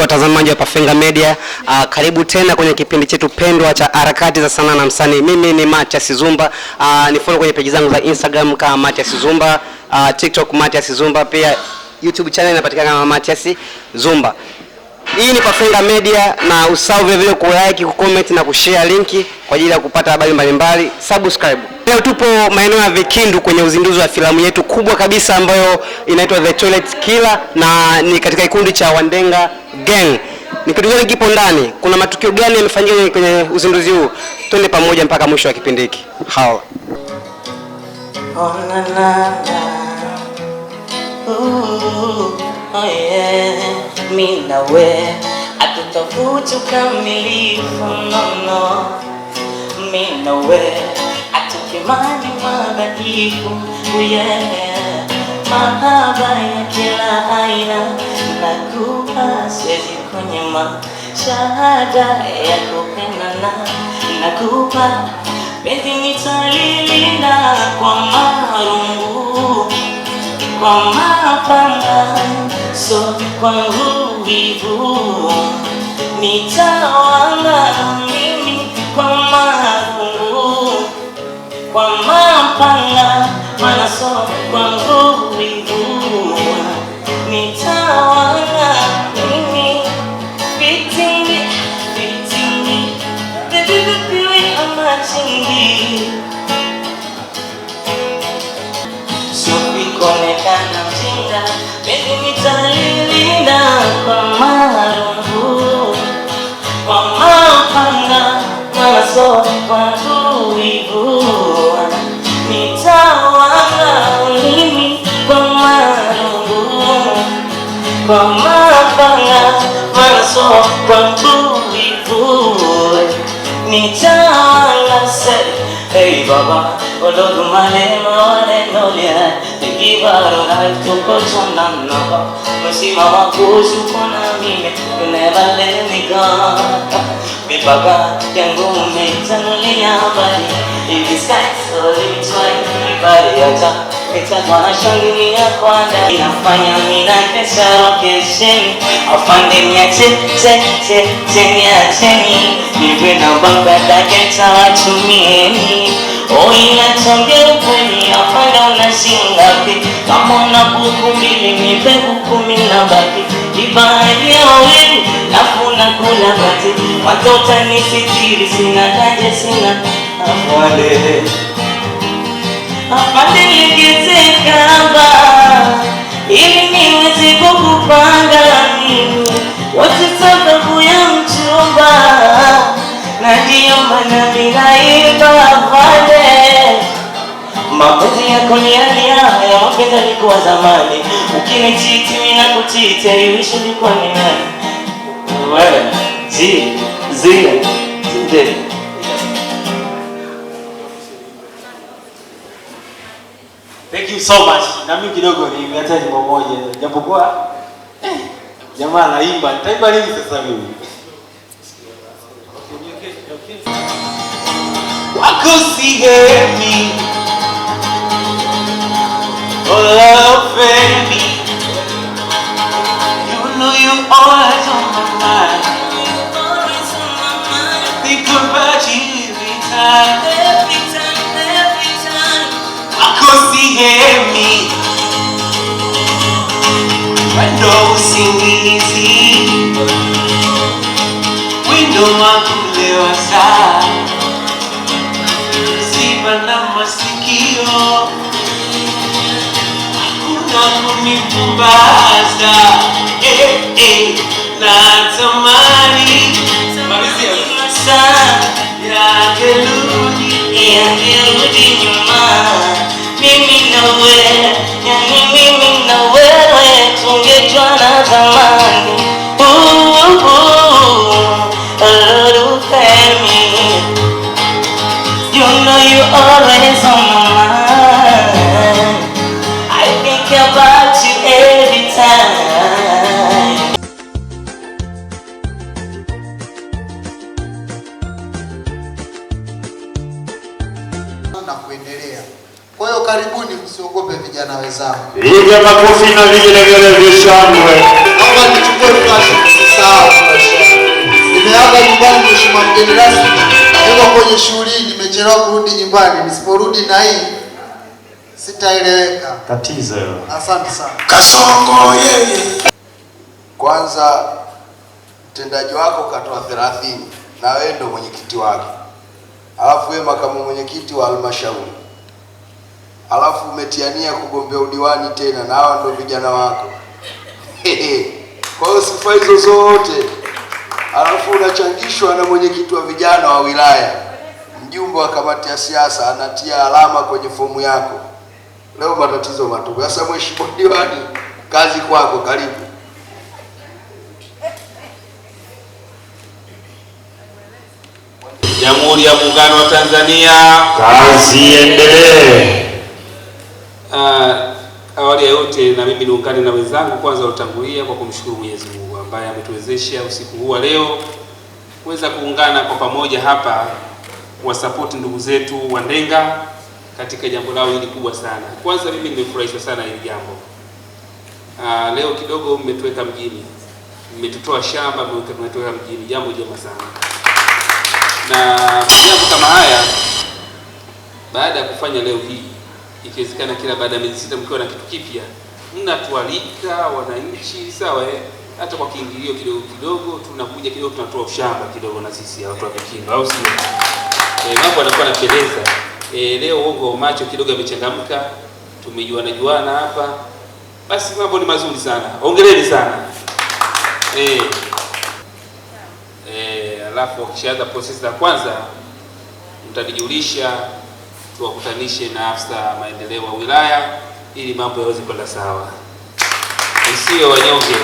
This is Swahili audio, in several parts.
watazamaji wa pafenga Media. Uh, karibu tena kwenye kipindi chetu pendwa cha harakati za sanaa na msanii. Mimi ni Matias Zumba. Uh, ah, ni follow kwenye peji zangu za Instagram kama Matias Zumba, uh, TikTok Matias Zumba, pia YouTube channel inapatikana kama Matias Zumba. Hii ni Pafenga Media na usahau vile vile ku like, ku comment na kushare linki kwa ajili ya kupata habari mbalimbali. Subscribe. Leo tupo maeneo ya Vikindu kwenye uzinduzi wa filamu yetu kubwa kabisa ambayo inaitwa The Toilet Killer na ni katika kikundi cha Wandenga Gang. Ni kitu gani kipo ndani? Kuna matukio gani yamefanyika kwenye uzinduzi huu? Twende pamoja mpaka mwisho wa kipindi hiki. Hao. Oh, na, na, na. Ooh, oh yeah. na ukamilifu no, no. na imani mabadiliko uyaya mahaba ya kila aina nakupa, siwezi kunyima shahada ya kupendana nakupa, penzi nitalilinda kwa marungu kwa mapanga, so kwa nguvu nitawanga kwa mapanga, manasoma kwa nguvu, nitawa Mga mga maraso pang buhay-buhay Ni Jala said Hey Baba, ಒಲೋ ದುಮಾಲೆ ಮಾಲೆ ನೋಲೆ ತಿಗಿ ಬಾರು ನಾಯ್ತು ಕೋಸು ನನ್ನ ಮುಸಿ ಮಾಮ ಕೋಸು ಕೊನಮೀನೆ ನೆವಲೆ ನಿಗಾ ಬಿಬಗ ಕೆಂಗು ಮೇ ಚನುಲಿಯ ಬಲಿ ಇಟ್ ಇಸ್ ಕೈ so it's my Bariata Nitakuwa na shangini ya kwanda Inafanya mina pesa rokesheni Afande niya te te te te Nipe na banga dake tawatumieni Oh inatonge ukweli Afande unasingapi Kama una buku mbili nipe buku mina baki Ibahari ya wewe Nafuna kula bati Watoto nisitiri sina kaje sina Afande apande nikizikamba ili niweze kukupanga mimi, wote sababu ya mchumba, na ndiyo maana ninaimba vale mapenzi yako ni hali ya mapenzi yalikuwa zamani, ukinichiti mimi nakuchiti, aiwishi ilikuwa ni nani wewe, ji zile zile so much. Na mimi kidogo nimeacha jambo moja. Japokuwa eh, jamaa anaimba. Nitaimba nini sasa mimi? I could Oh, love me. think about you every time. hear me. I know it seems easy. We know I'm leo aside. Siba na masikio. Hakuna kunipumbaza. Eh, eh, natamani. Saa ya keludi, ya keludi nyuma. Mimi na wewe, yani mimi na wewe tungejuana get You know you always on my mind Piga makofi na vigelegele vya shangwe. Naomba nichukue Nimeaga nyumbani mheshimiwa mgeni rasmi. Niko kwenye shughuli nimechelewa kurudi nyumbani. Nisiporudi na hii sitaeleweka. Tatizo Asante sana. Kasongo yeye. Kwanza mtendaji wako katoa 30 na wewe ndio mwenyekiti wake. Alafu wewe makamu mwenyekiti wa halmashauri alafu umetiania kugombea udiwani tena, na hawa ndio vijana wako. Kwa hiyo sifa hizo zote, alafu unachangishwa na mwenyekiti wa vijana wa wilaya, mjumbe wa kamati ya siasa anatia alama kwenye fomu yako. Leo matatizo matupu. Sasa mheshimiwa diwani, kazi kwako, karibu. Jamhuri ya Muungano wa Tanzania, kazi endelee. Uh, awali ya yote na mimi niungane na wenzangu kwanza utangulia kwa kumshukuru Mwenyezi Mungu ambaye ametuwezesha usiku huu wa leo kuweza kuungana kwa pamoja hapa kuwasapoti ndugu zetu wa Ndenga katika jambo lao hili kubwa sana. Kwanza mimi nimefurahishwa sana hili jambo. Uh, leo kidogo mmetuweka mjini, mmetutoa shamba, mmetuweka mjini, jambo jema sana na jambo kama haya baada ya kufanya leo hii ikiwezekana kila baada ya miezi sita mkiwa na kitu kipya, mnatualika wananchi, sawa eh, hata kwa kiingilio kidogo kidogo, tunakuja kidogo, tunatoa ushamba kidogo na sisi watu wa Vikindu, au sio? E, mambo yanakuwa yanapendeza. E, eh, leo uongo wa macho kidogo amechangamka, tumejuana juana hapa, basi mambo ni mazuri sana, ongereni sana e. E, alafu wakishaanza process za kwanza mtanijulisha tuwakutanishe na afisa maendeleo wa wilaya ili mambo yaweze kwenda sawa, isiyo wanyonge.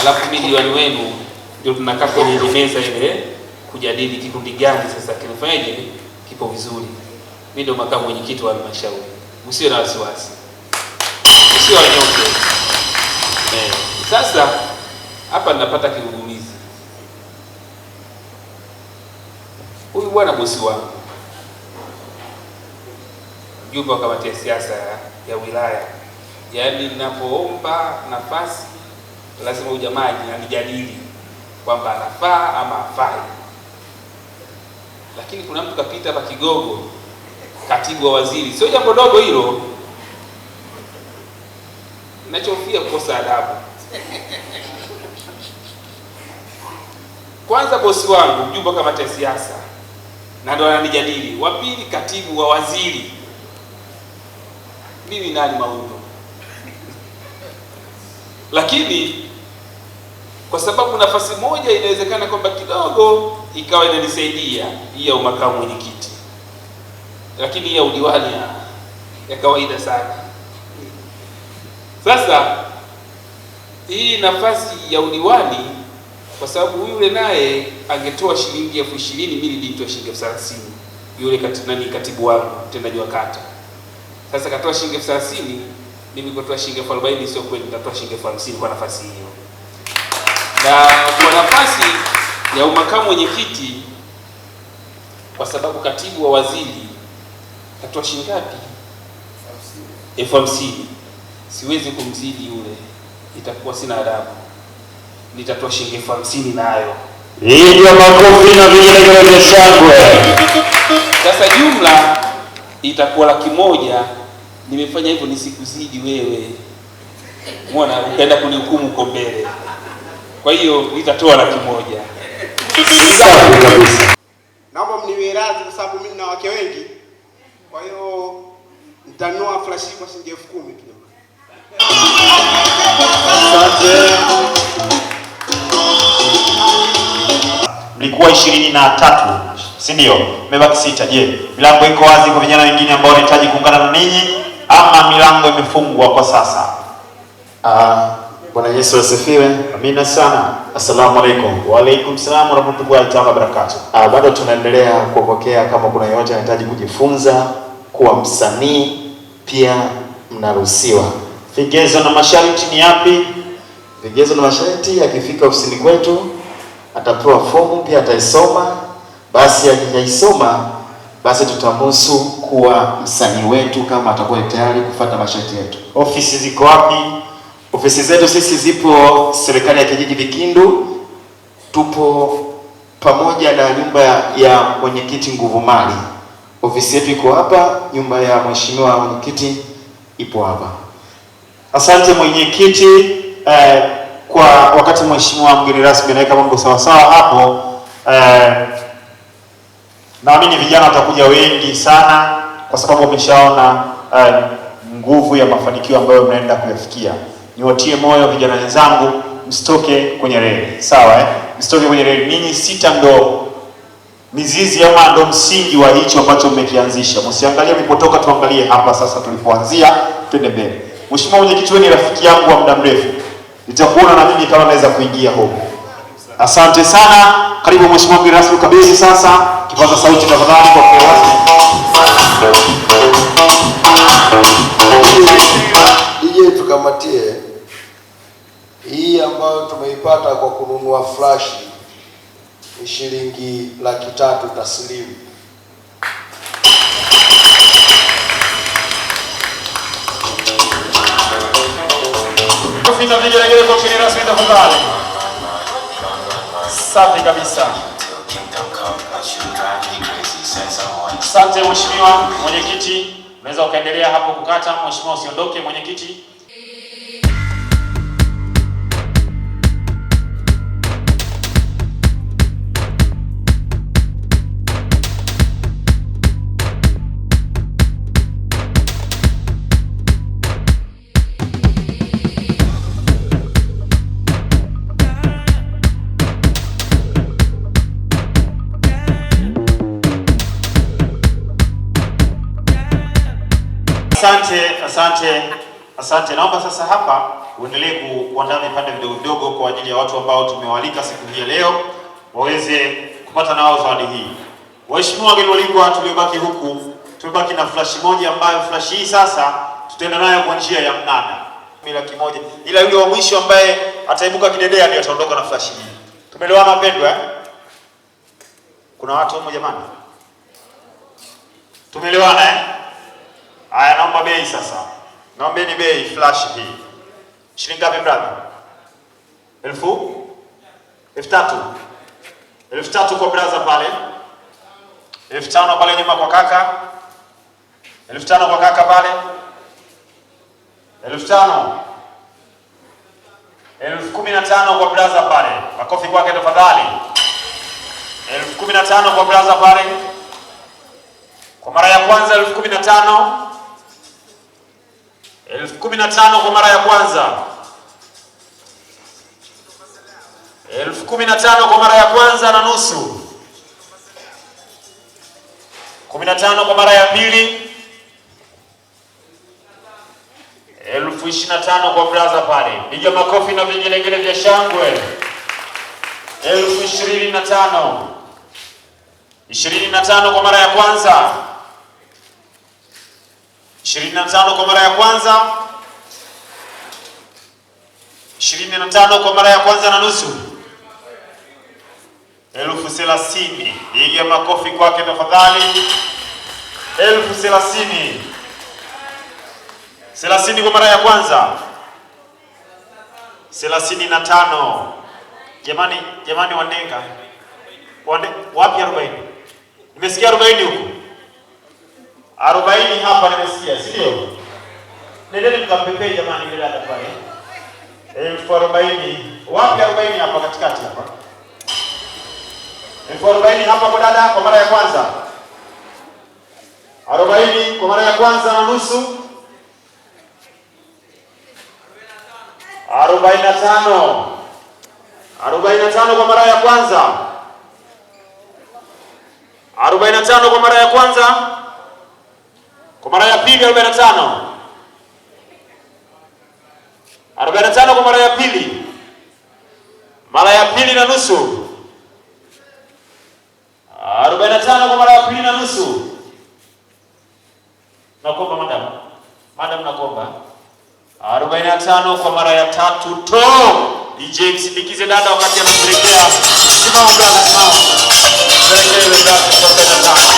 Alafu mimi diwani wenu ndio tunakaa kwenye ile meza ile kujadili kikundi gani sasa kinafanyaje kipo vizuri. Mimi ndio makamu mwenyekiti wa halmashauri, msio na wasiwasi, msio wanyonge. Eh, sasa hapa ninapata kigugumizi, huyu bwana bosi wangu mjumbe wa kamati ya siasa ya wilaya. Yaani, ninapoomba nafasi lazima ujamaji anijadili kwamba anafaa ama afai. Lakini kuna mtu kapita hapa Kigogo, katibu wa waziri, sio jambo dogo hilo. Nachofia kukosa adabu. Kwanza bosi wangu mjumbe wa kamati ya siasa na ndo ananijadili. Wa pili katibu wa waziri mimi nani Maundo, lakini kwa sababu nafasi moja inawezekana kwamba kidogo ikawa inanisaidia hii ya umakamu mwenyekiti, lakini hii ya udiwani ya kawaida sana. Sasa hii nafasi ya udiwani, kwa sababu yule naye angetoa shilingi elfu ishirini mili nilitoa shilingi elfu thelathini yule nani katibu wangu mtendaji wa kata sasa katoa shilingi elfu thelathini mimi kutoa shilingi elfu arobaini sio kweli, nitatoa shilingi elfu hamsini kwa nafasi hiyo. Na kwa nafasi ya umakamu mwenyekiti, kwa sababu katibu wa waziri katoa shilingi ngapi? elfu hamsini. Siwezi kumzidi yule, itakuwa sina adabu. Nitatoa shilingi elfu hamsini nayo. Hivyo makofi na vigelegele vya shangwe. Sasa jumla itakuwa laki moja nimefanya hivyo nisikuzidi wewe, mwana ukaenda kunihukumu huko mbele. Kwa hiyo nitatoa laki moja. Naomba mniwe radhi kwa sababu mimi na wake wengi, kwa hiyo nitanua flash kwa shilingi elfu kumi tu. Mlikuwa ishirini na tatu si ndio? Mmebaki sita. Je, milango iko wazi kwa vijana wengine ambao wanahitaji kuungana na ninyi? ama milango imefungwa kwa sasa. Ah, Bwana Yesu asifiwe. Amina sana. Asalamu alaykum. Wa alaykum salaam wa rahmatullahi wa barakatuh. Ah, bado tunaendelea kuwapokea, kama kuna yeyote anahitaji kujifunza kuwa msanii pia mnaruhusiwa. Vigezo na masharti ni yapi? Vigezo na masharti, akifika ofisini kwetu atapewa fomu, pia ataisoma. Basi akijaisoma basi tutamusu kuwa msanii wetu kama atakuwa tayari kufuata masharti yetu. Ofisi ziko wapi? Ofisi zetu sisi zipo serikali ya kijiji Vikindu, tupo pamoja na nyumba ya mwenyekiti nguvu mali Ofisi yetu iko hapa, nyumba ya mheshimiwa mwenyekiti ipo hapa. Asante mwenyekiti eh, kwa wakati mheshimiwa mgeni rasmi anaweka mambo sawasawa hapo eh, Naamini vijana watakuja wengi sana, kwa sababu wameshaona uh, nguvu ya mafanikio ambayo mnaenda kuyafikia. Niwatie moyo vijana wenzangu, msitoke kwenye reli, sawa eh? Msitoke kwenye reli. Ninyi sita ndo mizizi ama ndo msingi wa hicho ambacho mmekianzisha. Msiangalie mlipotoka, tuangalie hapa sasa tulipoanzia, twende mbele. Mheshimiwa Mwenyekiti, wewe ni rafiki yangu wa muda mrefu, nitakuona na mimi kama naweza kuingia huko. Asante sana, karibu Mheshimiwa mgeni rasmi kabisa sasa kipaza sauti tafadhali kwa kwa ije tukamatie hii ambayo tumeipata kwa kununua flash ni shilingi laki tatu taslimu. kwa Safi kabisa. Asante mheshimiwa mwenyekiti, unaweza ukaendelea hapo kukata. Mheshimiwa, usiondoke mwenyekiti. Asante, asante. Naomba sasa hapa uendelee kuandaa vipande vidogo vidogo kwa ajili ya watu ambao tumewalika siku hii leo waweze kupata nao zawadi hii. Waheshimiwa wageni walikuwa, tuliobaki huku tumebaki na flash moja ambayo flash hii sasa tutaenda nayo kwa njia ya mnada mila kimoja, ila yule wa mwisho ambaye ataibuka kidedea ndiye ataondoka na flash hii. Tumeelewana wapendwa eh? Kuna watu humo jamani, tumeelewana eh? Aya, naomba bei sasa, ni bei flash hii. Shilingi ngapi brother? Elfu? Elfu tatu. Elfu tatu kwa brother pale. Elfu tano pale nyuma kwa kaka. Elfu tano kwa kaka pale. Elfu tano. Elfu kumi na tano kwa brother pale. Makofi kwake tafadhali. Elfu kumi na tano kwa brother pale. Kwa mara ya kwanza elfu kumi na tano elfu kumi na tano kwa mara ya kwanza, elfu kumi na tano kwa mara ya kwanza na nusu, kumi na tano kwa mara ya pili, elfu ishirini na tano kwa braza pale, piga makofi na vigelegele vya shangwe. elfu ishirini na tano ishirini na tano kwa mara ya kwanza 25 kwa mara ya kwanza, 25 kwa mara ya kwanza na nusu, elfu thelathini. Piga makofi kwake tafadhali, elfu thelathini. 30 kwa mara ya kwanza, 35. Jamani, jamani, wanenga wapi? 40 nimesikia 40 huko arobaini hapa nimesikia, si ndio? Nendeni mkampepee jamani, ile dada pale elfu arobaini wapi? arobaini hapa katikati hapa, elfu arobaini hapa kwa dada, kwa mara ya kwanza arobaini kwa mara ya kwanza na nusu arobaini na tano arobaini na tano kwa mara ya kwanza arobaini na tano kwa mara ya kwanza kwa mara ya pili 45. 45 kwa mara ya pili, mara ya pili na nusu. 45 kwa mara ya pili na nusu. Nakuomba madam, madam nakuomba 45 kwa mara ya tatu to DJ msindikize dada wakati anasherekea. Simama brother, simama. Sasa hivi ndio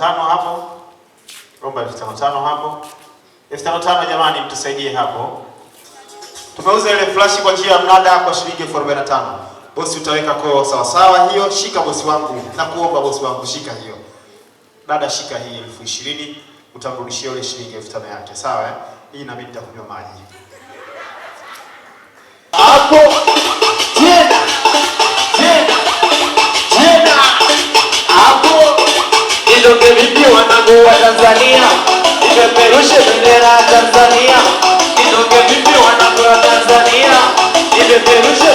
tano hapo, omba elfu tano tano hapo, elfu tano tano jamani, mtusaidie hapo. Tumeuza ile flash kwa njia ya mnada kwa shilingi elfu arobaini na tano. Bosi, utaweka koo sawa sawa hiyo. Shika bosi wangu, nakuomba bosi wangu, shika hiyo. Dada, shika hii elfu ishirini utamrudishia ile shilingi elfu tano yake, sawa eh? Hii na mimi nitakunywa maji hapo Msichoke bibi wanangu wa Tanzania, nipeperushe bendera ya Tanzania. Msichoke bibi wanangu wa Tanzania, nipeperushe